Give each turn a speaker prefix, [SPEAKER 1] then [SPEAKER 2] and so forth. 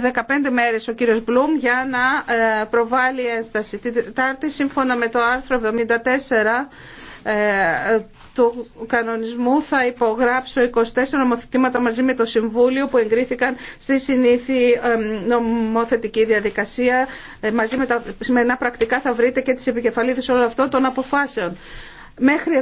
[SPEAKER 1] 15 μέρες ο κύριος Μπλουμ για να ε, προβάλλει ένσταση. Την Τετάρτη, σύμφωνα με το άρθρο 74 ε, του κανονισμού, θα υπογράψω 24 νομοθετήματα μαζί με το Συμβούλιο που εγκρίθηκαν στη συνήθη ε, νομοθετική διαδικασία. Μαζί με τα σημερινά πρακτικά θα βρείτε και τις επικεφαλίδες όλων αυτών των αποφάσεων. Μέχρι